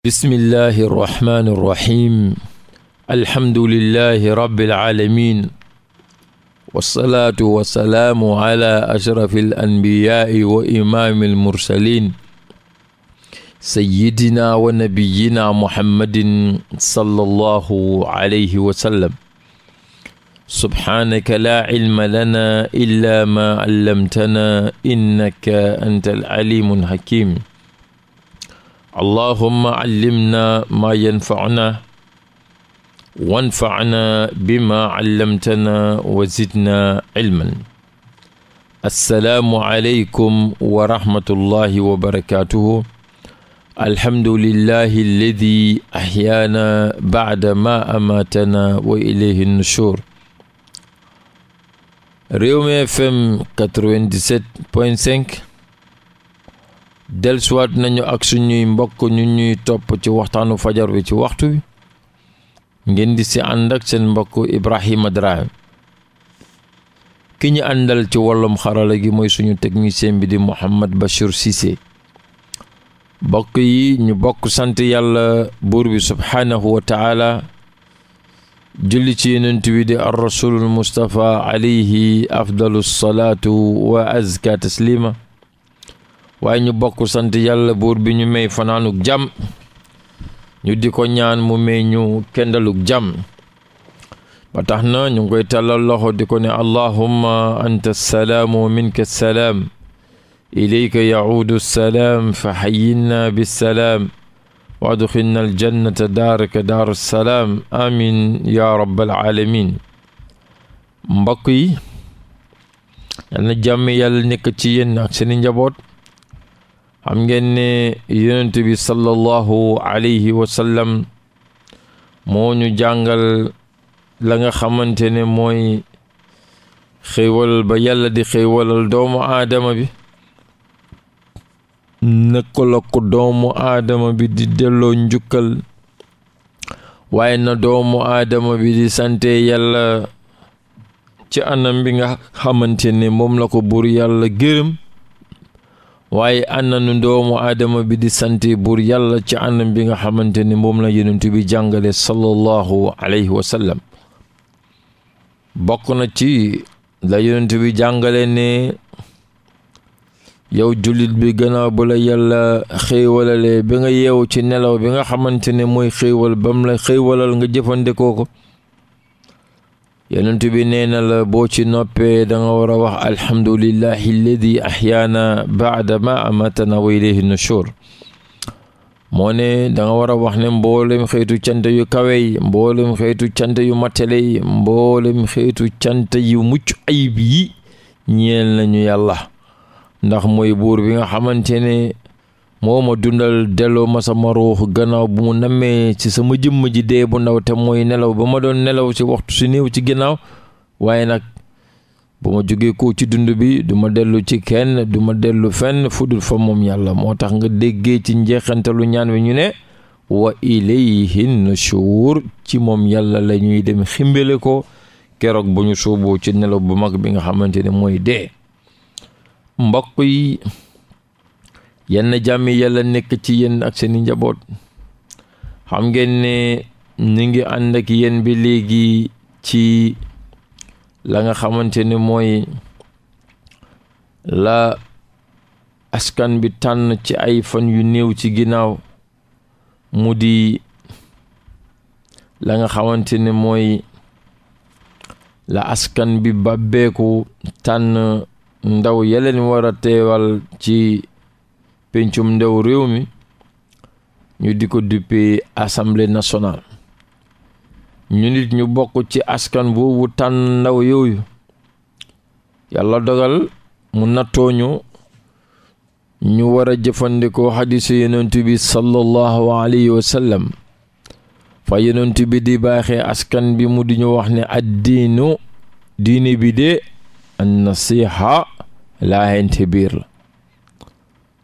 bismillahi irrahmani irrahim alhamdulillahi rabbilalamin walsalaatu wassalaamu ala ashrafi alanbiyaai wa imaami almursalin sayidina wa nabiyina muhammadin sallallahu alayhi wa sallam subhaanaka laa cilma lana illa ma allamtana innaka anta alalimu alhakim allahumma callimna maa yanfacunaa wanfacnaa bimaa callamtanaa wa zidnaa cilman assalaamu aleykum wa rahmatullahi wa barakaatuhu alhamdulillahi alladi axyaana bacda maa amaatanaa wa ilayhi nushur Rewmi FM 97.5 dellusiwaat nañu ak suñuy mbokk ñu ñuy topp ci waxtaanu fajar wi ci waxtu wi ngeen di si ànd ak seen mbokk Ibrahima Drame ki ñu àndal ci wàllum xarala gi mooy suñu technicien bi di Mouhamed Bachir mbokk yi ñu bokk sant yàlla buur bi subhaanahu wa taala julli ci yonent wi di ar rasulul Mustapha alayhi afdalu salaatu wa azka taslima waaye ñu bokk sant yàlla buur bi ñu may fanaanuk jàmm ñu di ko ñaan mu may ñu kendaluk jàmm ba tax na ñu koy tàllal loxo di ko ne allahumma anta salaam wa minka salaam ilayka yaudu salaam fa xayyinna bisalaam wa adxilna aljannata daaraka daaru salaam ya rabbal alamin mbokk yi yal na jàmm yàlla nekk ci yéen ak njaboot xam ngeen ne yonent bi sallallahu alayhi wa moo ñu jàngal la nga xamante ne mooy xéewal ba yàlla di xéewalal doomu aadama bi naka doomu aadama bi di delloo njukkal waaye na doomu aadama bi di sante yàlla ci anam bi nga xamante ne moom la ko buur yàlla gërëm waaye ànanu ndoomu aadama bi di sante buur yàlla ci anam bi nga xamante ni moom la yonent bi jàngale sallallahu alayhi wa sallam bokk na ci la yonent bi jàngale ne yow jullit bi gannaaw bu la yàlla xéewalalee bi nga yeewu ci nelaw bi nga xamante ne mooy xéewal bam la xéewalal nga jëfandikoo ko yonent bi nee na la boo ci noppee danga war a wax alhamdulillahi alladi ahyaana baada ma amatana wa ilayhi nushur moo ne danga war a wax ne mboolem xeetu cant yu kawe yi mboolem xeetu cant yu matale yi mboolem xeetu cant yu mucc ayib yi ñeel nañu yàlla ndax mooy buur bi nga xamante moo ma dundal delloo ma sama ruux gannaaw bu mu nammee ci sama jëmm ji dee bu ndaw te mooy nelaw ba ma doon nelaw ci waxtu si néew ci ginnaaw waaye nag bu ma jógee ko ci dund bi duma dellu ci kenn du ma dellu fenn fudul fa moom yàlla moo tax nga déggee ci njeexantalu ñaan wi ñu ne wa ilayhi nushur ci moom yàlla lañuy dem ximbale ko keroog bu ñu suuboo ci nelaw bu mag bi nga xamante ne mooy dee mbokk yi yenn jàmmi yàlla nekk ci yenn ak seeni njaboot xam ngeen ne ñu ngi ànd ak yéen bi léegi ci la nga xamante ni mooy la askan bi tànn ci ay fan yu néew ci ginnaaw mu di la nga xamante ni mooy la askan bi bàbbeeku tànn ndaw yeleen war a teewal ci pencum ndew réew mi ñu di ko duppee assemblée nationale ñu nit ñu bokk ci askan boobu tànn ndaw yooyu yàlla dogal mu nattooñu ñu war a jëfandikoo xadisu yonent bi sallallahu alayhi wa fa yonent bi di baaxee askan bi mu di ñu wax ni addiinu diine bi de an nasiha laahente biir la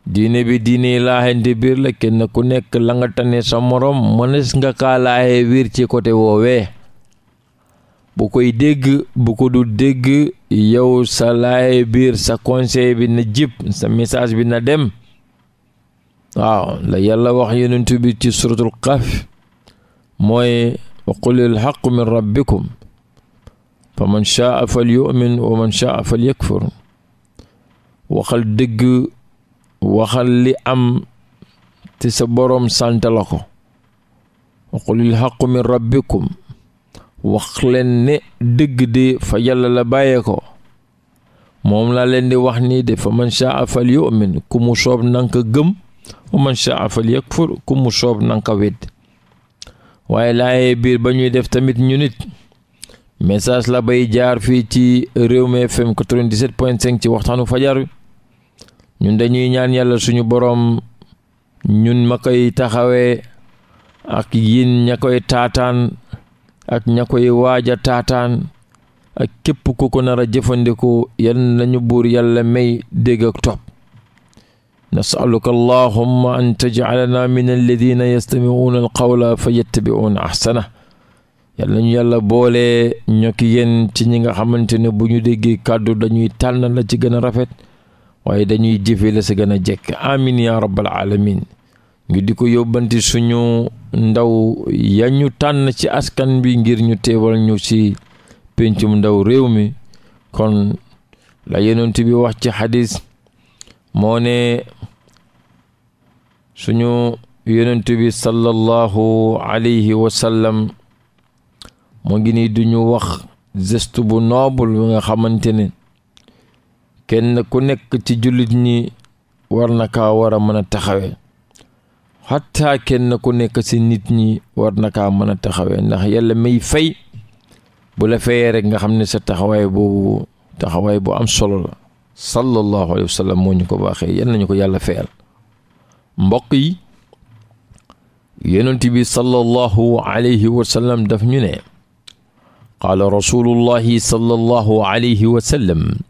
diine bi diine laayante biir la kenn ku nekk la nga tane sa morom mënees nga kaa laaye biir ci côté woowee bu koy dégg bu ko du dégg yow sa laaye biir sa conseil bi na jib sa message bi na dem waaw la yàlla wax yonent bi ci suratul xaf mooy wa qulil rabbikum fa man chaa fal wa man chaa fal yakfur waxal dëgg waxal li am te sa boroom sant la ko qulil xaqu min rabbikum wax leen ne dëgg di fa yàlla la bàyyee moom laa leen di wax nii de fa man shaa fal yu'min ku mu soob nanka gëm wa man shaa fal yakfur ku mu soob nanka wedd waaye laaye biir ba ñuy def tamit ñu nit message la bay jaar fii ci Rewmi FM 97.5 ci waxtaanu fajar bi ñun dañuy ñaan yàlla suñu boroom ñun ma koy taxawee ak yin ña koy taataan ak ña koy waaja taataan ak képp ku ko nar a jëfandikoo yal nañu buur yàlla may dégg ak topp nasaluka allahumma an tajcalana min alladina yastamicuuna alqawla fa yattabicuuna axsana yal nañu yàlla boole ñokki yéen ci ñi nga xamante ne bu ñu déggee kàddu dañuy tànn la ci gën a rafet waaye dañuy jëfe la sa gën a jekk amin ya rabbal alamin ngi di ko yóbbanti suñu ndaw ya ñu tànn ci askan bi ngir ñu teewal ñu ci pénc mu ndaw réew mi kon la yonent bi wax ci xadis moo ne suñu yonent bi sallallahu alayhi wa sallam ngi nii duñu wax geste bu noble bi nga xamante ne kenn ku nekk ci jullit ñi war na kaa war a mën a taxawe xataa kenn ku nekk ci nit ñi war na kaa mën a taxawe ndax yàlla may fay bu la fayee rek nga xam ne sa taxawaay boobu taxawaay bu am solo la sallallahu alayhi wa sallam moo ñu ko baaxee yal nañu ko yàlla fayal mbokk yi yonent bi sallallahu alayhi sallam daf ñu ne qaala rasulullahi sallallahu alayhi sallam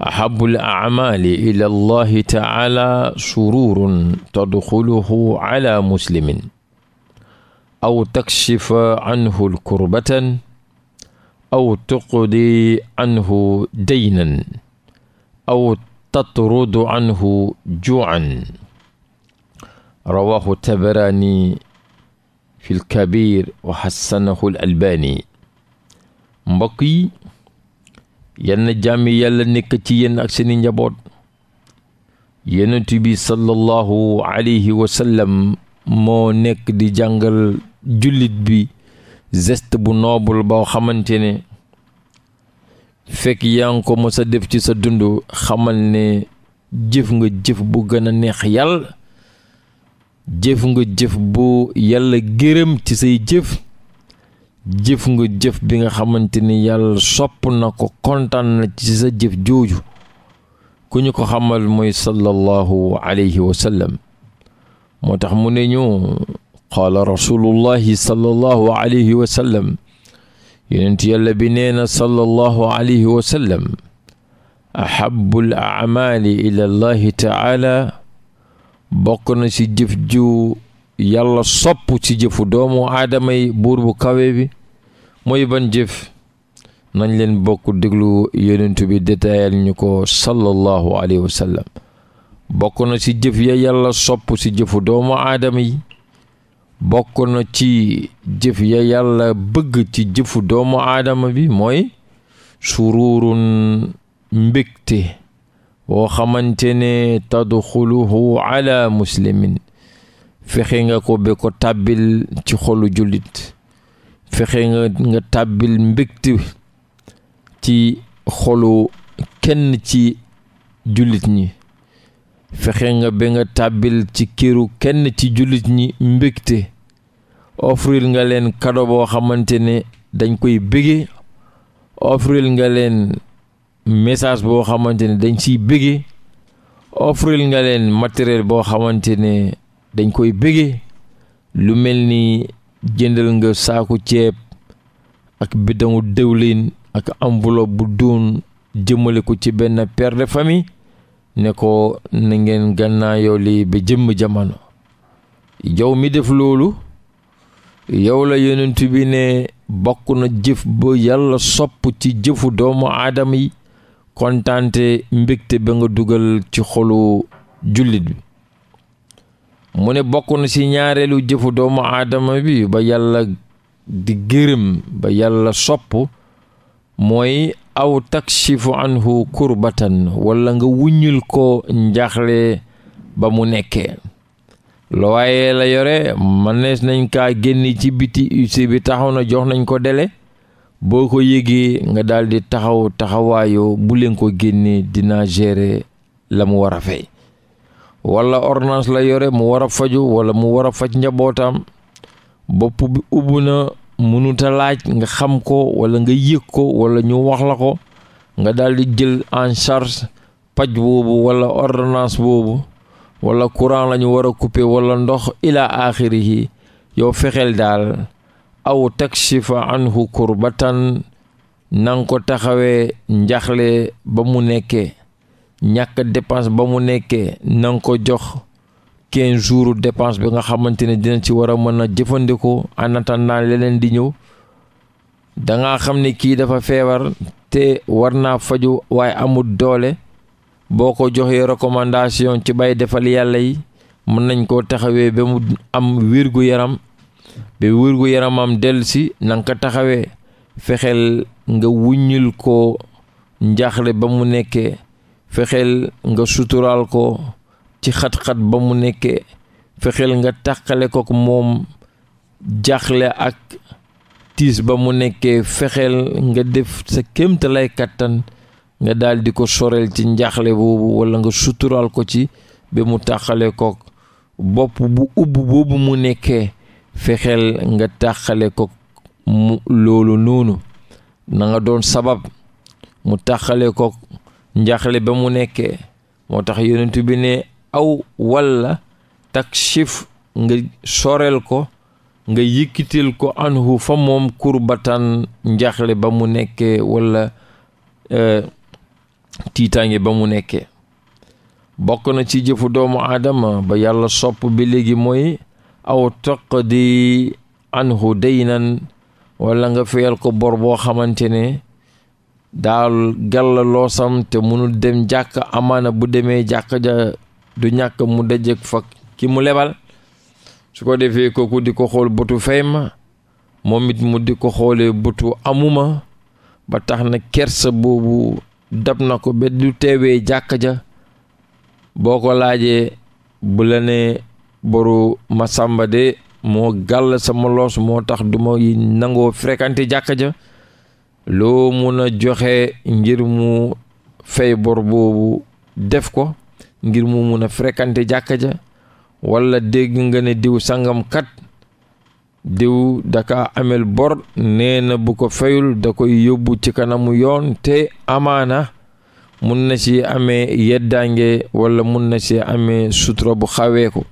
ahabul aamaali ila allahi taala sururun tadxuluhu ala muslimin aw takshifa anhu lkurbatan aw tuqdi anhu daynan aw tatrudu anhu juucan rawahu tabarani fi lkabir wa xassanahu l albaani mbokk yi yenn jàmmi yàlla nekk ci yéen ak seeni njaboot yonent bi sallallahu alayhi moo nekk di jàngal jullit bi geste bu noobul boo xamante ne fekk yaa ngi ko mos def ci sa dund xamal ne jëf nga jëf bu gën a neex yàlla jëf nga jëf bu yàlla gërëm ci say jëf jëf nga jëf bi nga xamante ni yàlla sopp na ko kontaan na ci sa jëf jooju ku ñu ko xamal mooy sallallahu alayhi wa sallam moo tax mu ne ñu qaala rasulullahi sallallahu alayhi wa sallam yonent yàlla bi nee na sallallahu alayhi wa sallam ahabul aamaali llahi taala bokk na ci jëf ju yàlla sopp ci jëfu doomu aadama yi buur bu kawe bi mooy ban jëf nañ leen bokk déglu yonentu bi détaayal ñu ko sallallahu alayhi wa sallam bokk na ci jëf ya yàlla sopp ci jëfu doomu aadama yi bokk na ci jëf ya yàlla bëgg ci jëfu doomu aadama bi mooy sururun mbégte woo xamante ne tadxuluhu ala muslimin fexe nga ko be ko tàbbil ci xolu jullit fexe nga nga tàbbil mbégte ci xolu kenn ci jullit ñi fexe nga ba nga tàbbil ci këru kenn ci jullit ñi mbégte offril nga leen kado boo xamante ne dañ koy bége ofril nga leen message boo xamante ne dañ ciy bége offril nga leen matériel boo xamante ne dañ koy bége lu mel ni jëndal nga saaku ceeb ak bidamu dëwlin ak enveloppe bu duun jëmmale ko ci benn père de ne ko na ngeen gànnaayoo li ba jëmm jamono yow mi def loolu yow la yonent bi ne bokk na jëf ba yàlla sopp ci jëfu doomu aadama yi kontaante mbégte ba nga dugal ci xolu jullit bi mu ne bokk na ci ñaareelu jëfu doomu aadama bi ba yàlla di gërëm ba yàlla sopp mooy aw takshifu anhu kurbatan walla nga wuññul ko njaaxle ba mu nekkee loowaayee la yore mënees nañ kaa génn ci biti ussi bi taxaw na jox nañ ko dele boo ko yégee nga daldi taxaw taxawaayo bu leen ko génne dina gérer la mu war a fay wala ordonnance la yore mu war a faju wala mu war a faj njabootam bopp bi ubbu na mënuta laaj nga xam ko walla nga yëg ko wala ñu wax la ko nga daldi jël en charge paj boobu walla ordonnance boobu wala courant la ñu war a couper wala ndox ila yi yow fexeel daal aw takshifa ba kurbatan nanga ko taxawee njaxle ba mu nekkee ñàkk dépense ba mu nekkee nanga ko jox quinze jours dépense bi nga xamante ne dina ci war a mën a jëfandikoo en attendant leneen di ñëw danga xam ni kii dafa feebar te war naa faju waaye amut doole boo ko joxee recommandation ci bay defal yàlla yi mën nañ koo taxawee ba mu am wirgu yaram ba wirgu yaramam dellusi nanga ko taxawee fexeel nga wuññil ko njaxle ba mu nekkee fexeel nga suturaal ko ci xat-xat ba mu nekke fexeel nga tàqale ko moom jaxle ak tiis ba mu nekkee fexeel nga def sa kéemtalay kàttan nga daldi ko soreel ci njaaxle boobu walla nga suturaal ko ci bi mu tàqale ko bopp bu ubb boobu mu nekkee fexeel nga tàqale ko mu loolu noonu nanga doon sabab mu tàqale ko njaxle ba mu nekkee moo tax yonent bi ne aw walla takshif nga soreel ko nga yëkkitil ko anhu fa moom kurbatan njaxle ba mu nekkee walla e, tiitaange ba mu nekkee bokk na ci jëfu doomu aadama ba yàlla sopp bi léegi mooy aw taqdi anhu daynan walla nga feyal ko bor boo xamante ne daal gàlla loosam te mënul dem jàkk amaana bu demee jàkk ja du ñàkk mu dajeg fa ki mu lebal su ko defee kooku di ko xool bëtu ma moom it mu di ko xoolee bëtu amuma ba tax na kersa boobu dab na ko ba du teewee jàkk ja boo ko laajee bu la ne boru Masamba de moo gàll sama loos moo tax du ma nangoo fréquenté jàkk ja loo mun a joxe ngir mu fay bor boobu def ko ngir mu mun a frekkante jàkka ja wala dégg nga ne diw sangam kat diw daka amel bor nee na bu ko fayul da koy yóbbu ci kanamu yoon te amaana mun na ci amee yeddaange walla mun na ci amee sutura bu xawee ko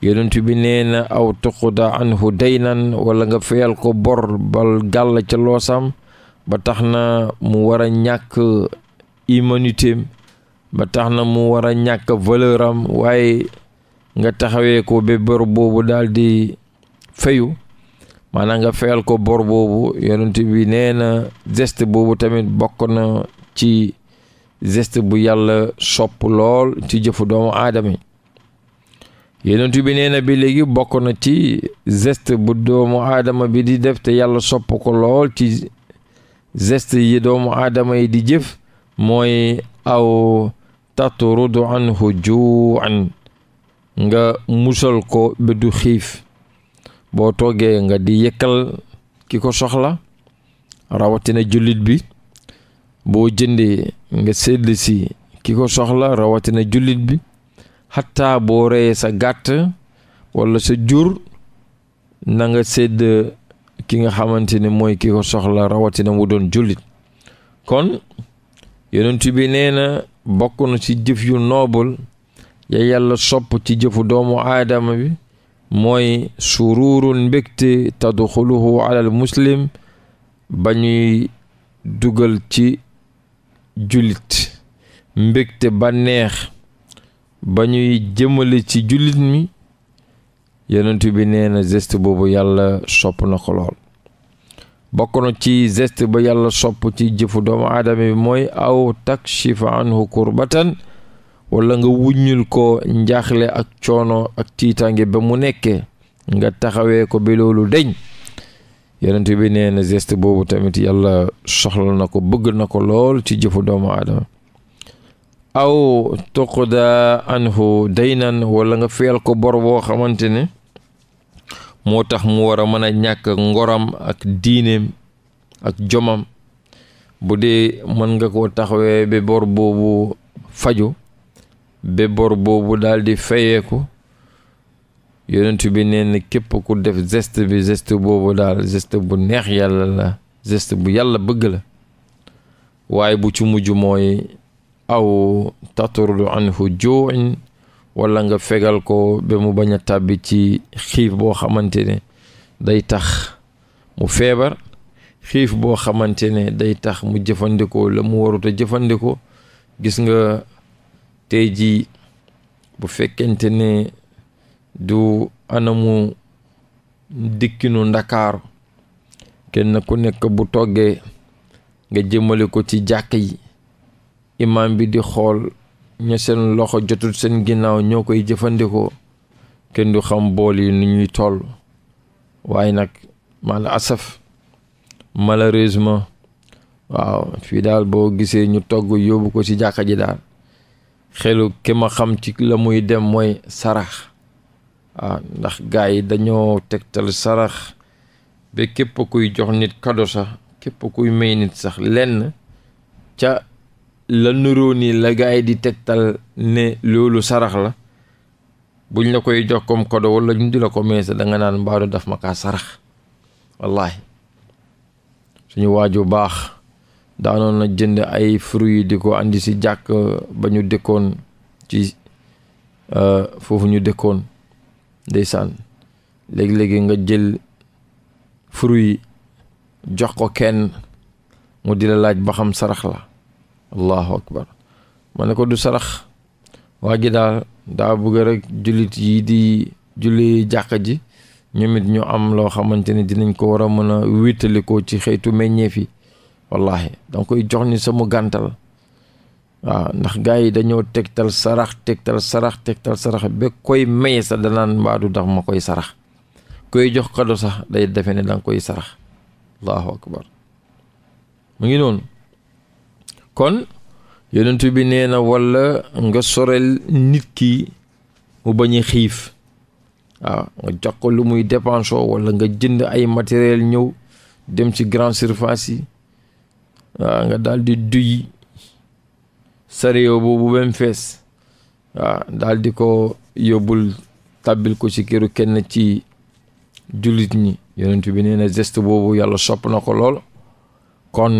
yonent bi nee na aw tuquda anhu daynan wala nga fayal ko bor bal gàll ca loosam ba tax na mu war a ñàkk humanité ba tax na mu war a ñàkk valeur waaye nga taxawee ko ba bor boobu daal di fayu maanaam nga fayal ko bor boobu yonent bi nee na geste boobu tamit bokk na ci geste bu yàlla sopp lool ci jëfu doomu aadama yi yonent bi nee na bi léegi bokk na ci geste bu doomu aadama bi di def te yàlla sopp ko lool ci geste yi doomu aadama yi di jëf mooy aw taturudu ju juan nga musal ko ba xiif boo toogee nga di yëkkal ki ko soxla rawatina jullit bi boo jëndee nga sedd si ki ko soxla rawatina jullit bi xataa boo reyee sa gàtt walla sa jur na nga sedd ki nga xamante ni mooy ki ko soxla rawatina mu doon jullit kon yonent bi nee na bokk na ci jëf yu noobul ya yàlla sopp ci jëfu doomu aadama bi mooy sururun mbégte tadxuluhu alal muslim ba ñuy dugal ci jullit mbégte ba neex ba ñuy jëmale ci jullit mi yonent bi nee na gest boobu yàlla sopp na ko lool bokk na ci geste ba yàlla sopp ci jëfu doomu aadama bi mooy aw takk takshifa anhu kurbatan wala nga wuññul ko njaaxle ak coono ak tiitaange ba mu nekkee nga taxawee ko bi loolu deñ yonent bi nee na geste boobu tamit yàlla soxla na ko bëgg na ko lool ci jëfu doomu aadama aw tuqda anhu daynan wala nga feel ko bor boo xamante ne moo tax mu war a mën a ñàkk ngoram ak diineem ak jomam bu dee mën nga koo taxawee ba boobu faju ba boobu daal di fayeeku yonent bi nee képp ku def geste bi geste boobu daal geste bu neex yàlla la sest bu yàlla bëgg la waaye bu ci mujj mooy aw tatrudu anhu juin wala nga fegal ko ba mu bañ a tàbbi ci xiif boo xamante ne day tax mu feebar xiif boo xamante ne day tax mu jëfandikoo la mu warut jëfandikoo gis nga tey jii bu fekkente ne du anamu dikkinu ndakaaru kenn ku nekk bu toggee nga jëmale ko ci jàkk yi imam bi di xool ña seen loxo jotul seen ginnaaw ñoo koy jëfandikoo kenn du xam bool yi ni ñuy toll waaye nag mala asaf malheureusement waaw fii daal boo gisee ñu togg yóbbu ko ci jàkka ji daal xelu ki ma xam ci la muy dem mooy sarax waaw ndax gaa yi dañoo tegtal sarax ba képp kuy jox nit kado sax képp kuy may nit sax lenn ca la nuroo ni la gaay di tegtal ne loolu sarax la buñ la koy jox comme kodo wala ñu di la ko meesa da nga naan mbaadu daf ma kaa sarax wallaahi suñu waaju baax daanoon na jënd ay fruits di ko indi si jàkk ba ñu dëkkoon ci euh, foofu ñu dëkkoon ndeysaan léegi-léegi nga jël fruits jox ko kenn mu di la laaj ba xam sarax la allahu akbar ma ne ko du sarax waa ji daal daa bëgg rek jullit yi di julli jàq ji ñoom ñoo am loo xamante ne dinañ ko war a mën a wittalikoo ci xëytu meññeef yi wallaahi danga koy jox ni samu gàntal waaw ndax gars yi dañoo tegtal sarax tegtal sarax tegtal sarax ba koy maye sax danaan mbaadu ndax ma koy sarax koy jox kado sax day defe ne danga koy sarax allahu akbar mu ngi noonu kon yonent bi nee na walla nga sorel nit ki mu bañ xiif waaw nga jox ko lu muy dépense walla nga jënd ay matériel ñëw dem ci grand surface yi waaw nga daldi di duy sareyo boobu bem fees waaw daal ko yóbbul tàbbil ko ci këru kenn ci jullit ñi yonent bi nee na geste boobu yàlla sopp na ko lool kon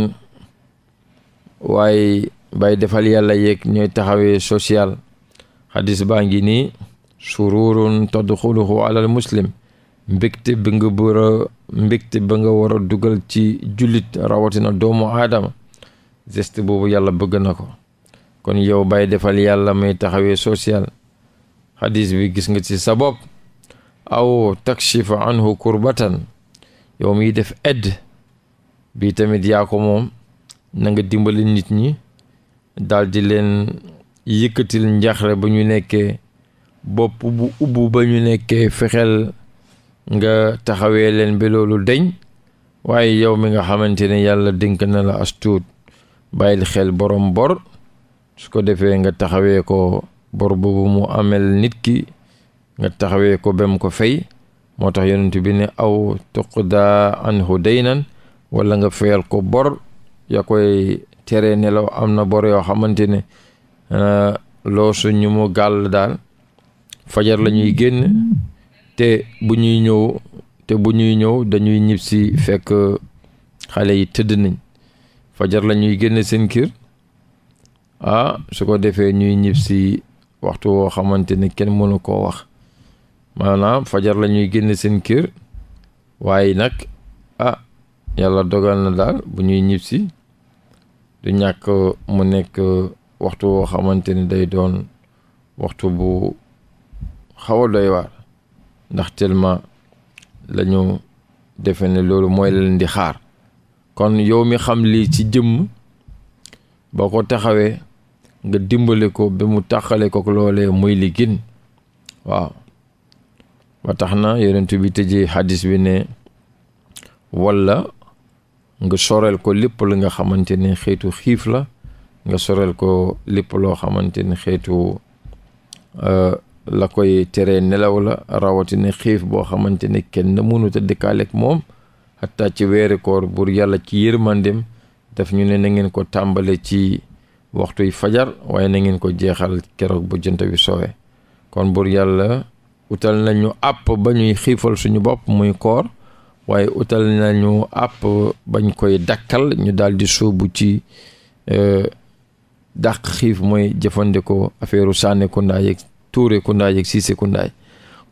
waaye bay defal yàlla yéeg ñooy taxawee social xadis baa ngi nii sururun tadxuluhu alal muslim mbégte bi nga bër a ba nga war a dugal ci jullit rawatina doomu aadama geste boobu yàlla bëgg na ko kon yow bay defal yàlla may taxawee social xadis bi gis nga ci sa bopp aw takshifa anhu kurbatan yow miy def edd bi tamit yaa ko moom nanga dimbali nit ñi daldi leen yëkkatil njaxre ba ñu nekkee bopp bu ubbu ba ñu nekkee fexeel nga taxawee leen ba loolu deñ waaye yow mi nga xamante ne yàlla dénk na la astuut bàyyil xel borom bor su ko defee nga taxawee ko bor boobu mu amel nit ki nga taxawee ko bem ko fay moo tax yonent bi ne aw tuqdaa anhu daynan wala nga fayal ko bor ya koy tere nelaw am na bor yoo xamante ne euh, loosu ñu mu gàll daal fajar la ñuy génn te bu ñuy ñëw te bu ñuy ñëw dañuy ñib si fekk xale yi tëdd nañ fajar la ñuy génn seen kër ah su ko defee ñuy ñib si waxtu woo xamante ne kenn mënu koo wax maanaam fajar la ñuy génn seen kër waaye nag ah yàlla dogal na daal bu ñuy ñib si du ñàkk mu nekk waxtu woo xamante ni day doon waxtu bu xaw a doy waar ndax tellement la defe ne loolu mooy leen di xaar kon yow mi xam lii ci jëmm boo ko taxawee nga dimbale ko ba mu taxale ko loolee muy li gën waaw ba tax na yonent bi tëjee xadis bi ne walla nga soreel ko lépp li nga xamante ne xeetu xiif la nga soreel ko lépp loo xamante ne xeetu euh, la koy teree nelaw la rawatine xiif boo xamante ne kenn mënut a dëkkaaleeg moom xataa ci weeri koor bur yàlla ci yërmandem daf ñu ne na ngeen ko tàmbale ci waxtuy fajar waaye na ngeen ko jeexal keroog bu jënt wi soowe kon bur yàlla utal nañu àpp ba ñuy xiifal suñu bopp muy koor waaye utal nañu àpp bañ koy dakkal ñu daal di sóobu ci e, dàq xiif mooy jëfandikoo affaire sànne ku ndaay yeeg tuure ku ndaay yeeg siise ku ndaay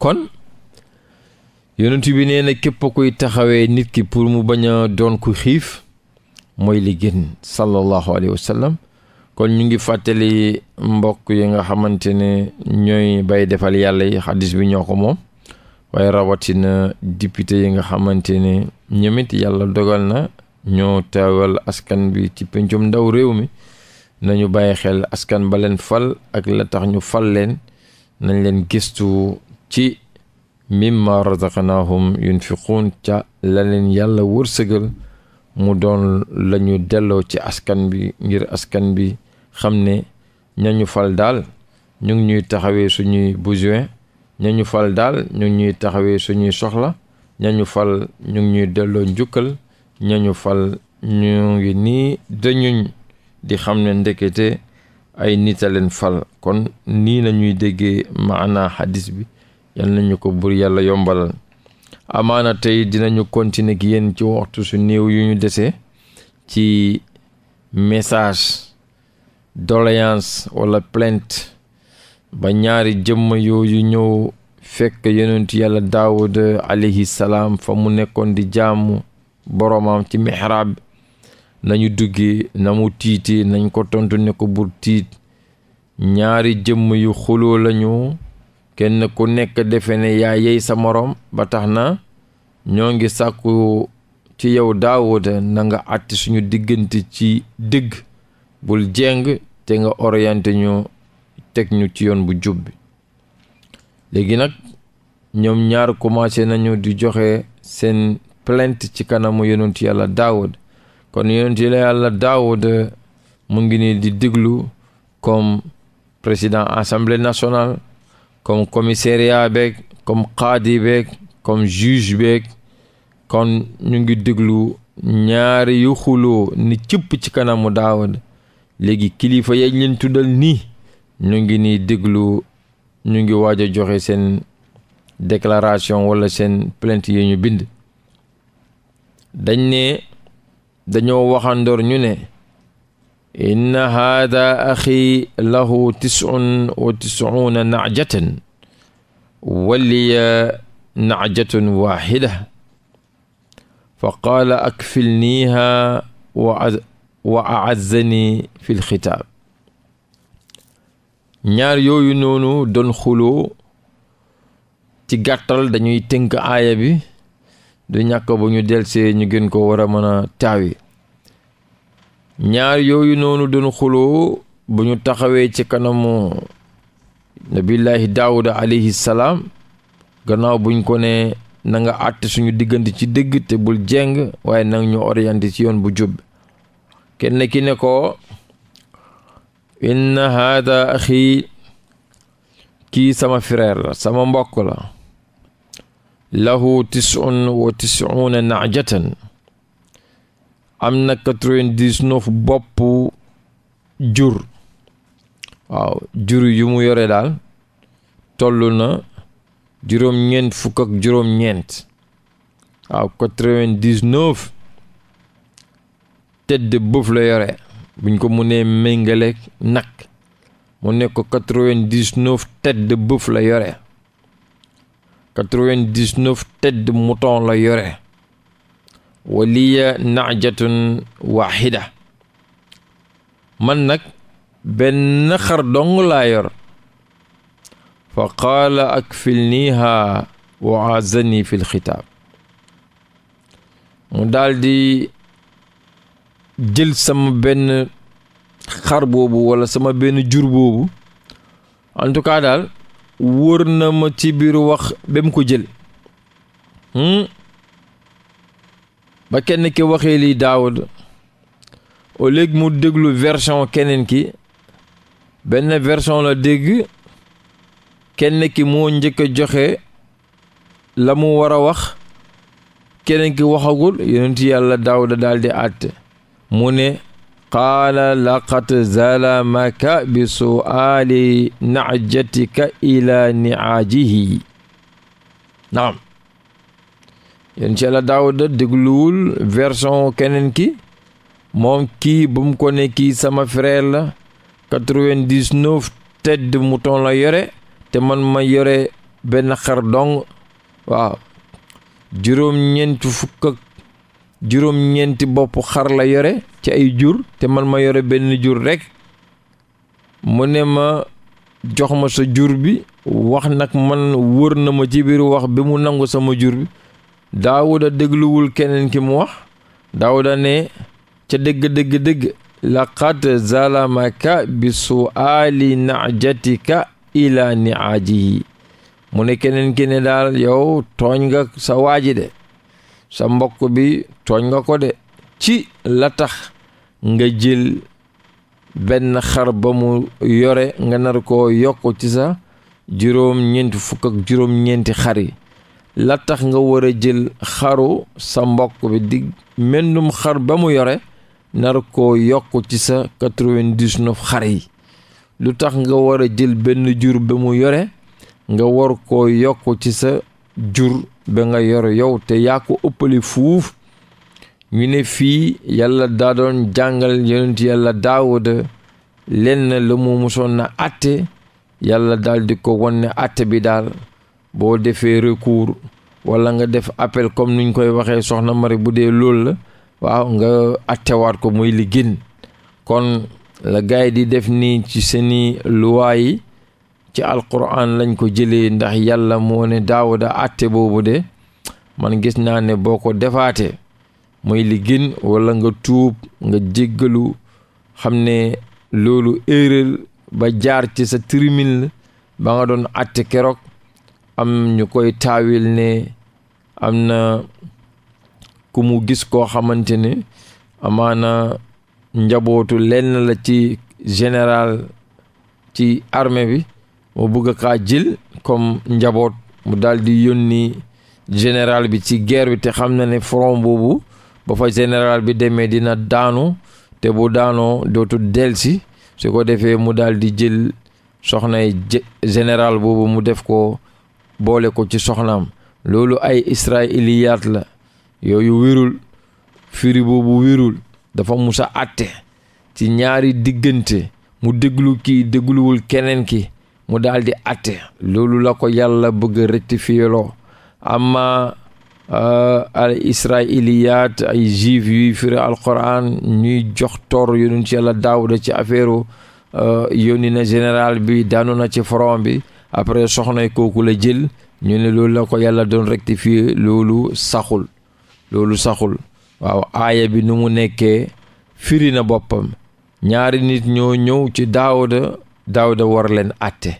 kon yonent bi nee na képp koy taxawee nit ki pour mu bañ a doon ku xiif mooy li gën sallallahu alayhi kon ñu ngi fàttali mbokk yi nga xamante ne ñooy bay defal yàlla yi xadis bi ñoo ko moom waaye rawatina député yi nga xamante ni ñomit it yàlla dogal na ñoo teewal askan bi ci pencum ndaw réew mi nañu bàyyi xel askan baleen fal ak la tax ñu fal leen nañ leen gëstu ci mimma razaqnaahum yunfiquun ca la leen yàlla wërsëgal mu doon lañu delloo ci askan bi ngir askan bi xam ne ñañu fal daal ñu ngi ñuy taxawee suñuy besoin ñañu fal daal ñu ñuy taxawee suñuy soxla ñañu fal ñu ngi ñuy delloo njukkal ñañu fal ñu ngi nii dañuñ di xam ne ndekete ay nit a fal kon nii lañuy déggee maanaa xadis bi yan nañu ko bur yàlla yombalal amaana tey dinañu continuer ki yéen ci waxtu su néew yu ñu desee ci message doléance wala plainte ba ñaari jëmm yooyu ñëw fekk yonentu yàlla daawud alayhi salaam fa mu nekkoon di jaamu boroomam ci mihraab nañu duggee na mu tiitee nañ ko tontu ne ko bur tiit ñaari jëmm yu xuloo lañu kenn ku nekk defe ne yaa yey sa moroom ba tax na ñoo ngi sàkku ci yow daawuda na nga àtt suñu diggante ci dëgg bul jeng te nga orienté teg ñu ci yoon bu jubbi léegi nag ñoom ñaar commencé nañu di joxe seen plaint ci kanamu yonent yàlla daawud kon yonent yàlla daawud mu ngi nii di déglu kom président assemblée nationale comme commissariat beeg comme xaadi beeg comme juge beek kon ñu ngi déglu ñaari yu xuloo ni cëpp ci kanamu daawud léegi kilifa yañ leen nii ñu ngi nii déglu ñu ngi waaj a joxe seen déclaration wala seen plainte yi ñu bind dañ ne dañoo waxandoor ñu ne inna haada axi lahu tisun wa tisuuna najatan waliya najatun waxida fa qaala akfilniiha wa aazani fi lxitaab ñaar yooyu noonu doon xuloo ci gàttal dañuy tënk aaya bi du ñàkk bu ñu delsee ñu gën ko war a mën a taawi ñaar yooyu noonu doon xuloo bu ñu taxawee ci kanamu nabillaahi daawuda alayhi salaam gannaaw buñ ko ne nanga nga suñu diggante ci dëgg te bul jeng waaye nang ñu orienté ci yoon bu jub kenn ki ne ko inna haada axi kii sama freer la sama mbokk la lahu tisun wa tisuuna naajatan am na quatre-vingt-dix-neuf jur waaw jur yu mu yore daal toll na juróom-ñeent fukk ak juróom-ñeent waaw quatre vingt la yore buñ ko mënee méngale nag mu ne ko quatre-vingt-dix-neuf tête de la yore quatre vingt dix la yore waliya naajatun wahida man nag benn xar dong laa yor fa qaala akfilniha wa azani fi lxitaab mu daldi jël sama benn xar boobu walla sama benn jur boobu en tout cas daal wóor na ma ci biir wax ba mu ko jël hmm? ba kenn ki waxee lii Daawud au mu déglu version keneen ki benn version la dégg kenn ki moo njëkk a joxe la mu war a wax keneen ki waxagul yonent yàlla Daawuda daldi di àtte mu ne qaala laqad zalamaka bi suaali najatika ila niaajihi naam yéen ci la daawuda dégluwul verson keneen ki moom kii bu ko ne kii sama frère la 99 tête de mouton la yore te man ma yore benn xar dong waaw juróom-ñeent fukk juróom-ñeenti bopp xar la yore ci ay jur te man ma yore benn jur rekk mu ne ma jox ma sa jur bi wax nag man wër na ma ci biir wax bi mu nangu sama jur bi daawuda dégluwul keneen ki mu wax daawuda ne ca dëgg-dëgg-dëgg laqad zalamaka bi su suaali najatika ila niaajihi mu ne keneen ki ne daal yow tooñ nga sa waaji de sa mbokk bi tooñ nga ko de ci la tax nga jël benn xar ba mu yore nga nar koo yokk ci sa juróom-ñeenti fukk ak juróom-ñeenti xar yi la tax nga war a jël xaru sa mbokk bi di mendum xar ba mu yore nar koo yokk ci sa quatre vingt xar yi lu tax nga war a jël benn jur ba mu yore nga war koo yokk ci sa jur ba nga yor yow te yaa ko ëppale fuuf ñu ne fii yàlla daa doon jàngal yonent yàlla daawuda lenn la mu musoon na atte yàlla daal di ko won ne atte bi daal boo defee recours wala nga def appel comme nuñ koy waxee soxna mari bu dee lool la waaw nga attewaat ko muy li gën kon la gaay di def nii ci seeni luwaa ci alquran lañ ko jëlee ndax yàlla moo ne daawuda àtte boobu de man gis naa ne boo ko defaatee mooy li gën wala nga tuub nga jéggalu xam ne loolu erreur ba jaar ci sa tribunal ba nga doon àtte keroog am ñu koy taawil ne am na ku mu gis koo xamante ne na njabootu lenn la ci général ci armée bi mu bëgg kaa jël comme njaboot mu daldi yónni général bi ci guerre bi te xam na ne front boobu ba fa général bi demee dina daanu te bu daanoo dootu delsi su ko defee mu daldi jël soxnay général boobu mu def ko boole ko ci soxnaam loolu ay israiliyaat la yooyu wérul firi boobu wérul dafa musa àtte ci ñaari diggante mu déglu kii dégluwul keneen ki mu daal di atte loolu la ko yàlla bëgg a rectifier loo amma euh, al israiliyaat ay juif yuy firi alquran ñuy jox tor yonent yàlla daawuda ci affaire euh, yónni na général bi daanu na ci front bi après soxna kooku la jël ñu ne loolu la ko yàlla doon rectifier loolu saxul loolu saxul waaw aaya bi nu mu nekkee firi na boppam ñaari nit ñoo ñëw ci daawuda daawda war leen atte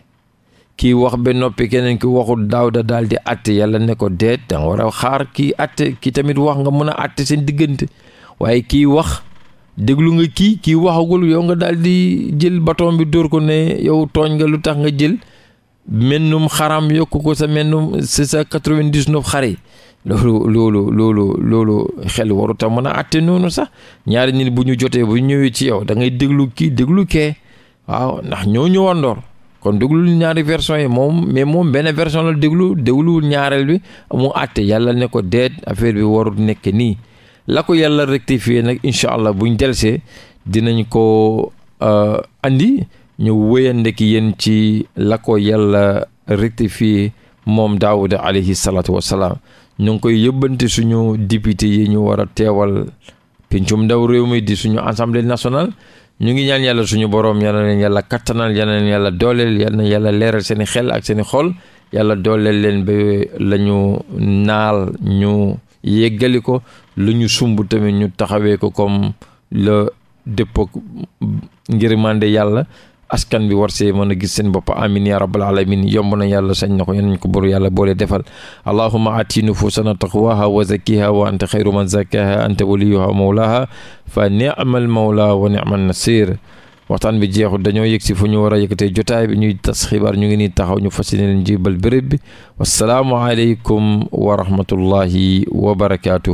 kii wax ba noppi keneen ki waxul daawda daal di atte yàlla ne ko deet danga war a xaar kii atte ki tamit wax nga mën a atte seen diggante waaye kii wax déglu nga kii kii waxagul yow nga daal di jël baton bi dóor ko ne yow tooñ nga lu tax nga jël mennum xaram yokk ko sa mennum si sa 99 xar yi loolu loolu loolu loolu xel waru mën a atte noonu sax ñaari nit bu ñu jotee bu ñëwee ci yow da ngay déglu kii déglu kee waaw ndax ñu ñëwoon ndoor kon déglu ñaari version yi moom mais moom benn version la déglu déglu ñaareel bi mu àtte yàlla ne ko deet affaire bi warul nekk nii la ko yàlla rectifier nag incha allah buñ delsee dinañ ko euh, andi ñu wéyande ki yéen ci la ko yàlla rectifier moom daawuda alayhi salaatu wasalaam ñu ngi koy yëbbante suñu député yi ñu war a teewal pencum ndaw réew mi di suñu assemblée nationale ñu ngi ñaan yàlla suñu boroom yal na leen yàlla kattanal yal na leen yàlla dooleel yal na yàlla leeral seeni xel ak seeni i xol yàlla dooleel leen ba la ñu naal ñu yeggali ko lu ñu sumb tamit ñu taxawee ko comme le dëppoo ngir mànde yàlla askan bi war see na a gis seen bopp amin ya rabbal alamin yomb na yàlla sañ na ko yal nañ ko bor yàlla boole defal allahuma ati nufusana taqwaha wa zakkiha wa anta xayru man zakkaha anta waliyuha mawlaha fa ni'mal mawla wa ni'man nasir waxtaan bi jeexul dañoo yëg si fu ñu war a te jotaay bi ñuy tas xibaar ñu ngi nii taxaw ñu fas yéene leen jébal béréb bi wasalaamualeykum wa rahmatullahi wa barakaatuhu